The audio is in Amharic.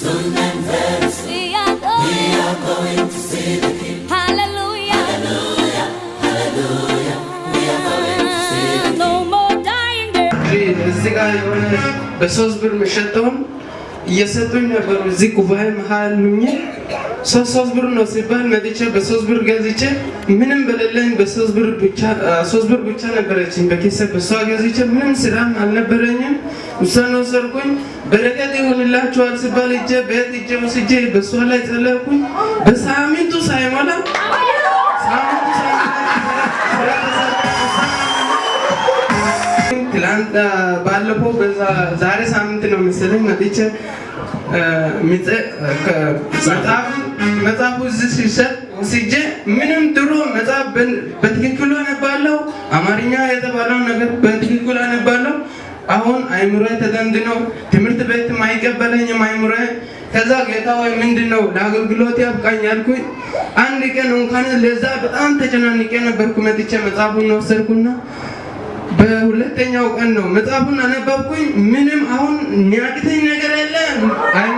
እዚህ የሆነ በሶስት ብር የሚሸጠውን እየሰጡኝ ነበሩ። እዚህ ጉባኤ መሀል ሁኜ ሶስት ሶስት ብር ነው ሲባል መጥቼ በሶስት ብር ገዝቼ ምንም በሌለኝ በሶስት ብር ብቻ ሶስት ብር ብቻ ነበረችኝ በኪሴ በሷ ገዝቼ ምንም ስራም አልነበረኝም። ውሳኔ ወሰድኩኝ። በረከት ይሆንላችኋል ሲባል እጄ ቤት እጄ ወስጄ በእሷ ላይ ጸለኩኝ። በሳምንቱ ሳይሞላ ትላንት ባለፈው ዛሬ ሳምንት ነው መሰለኝ መጥቼ መጽሐፉ እዚህ ሲሰጥ ወስጄ ምንም ድሮ መጽሐፍ በትክክሉ አነባለሁ። አማርኛ የተባለው ነገር በትክክሉ አነባለሁ። አሁን አይምሮ ተደንድኖ ትምህርት ቤት ማይቀበለኝ አይምሮ። ከዛ ጌታ ወይ ምንድነው ለአገልግሎት ያብቃኝ አልኩኝ። አንድ ቀን እንኳን ለዛ በጣም ተጨናንቄ ነበርኩ። መጥቼ መጽሐፉን ወሰድኩና በሁለተኛው ቀን ነው መጽሐፉን አነበብኩኝ። ምንም አሁን የሚያቅተኝ ነገር የለም።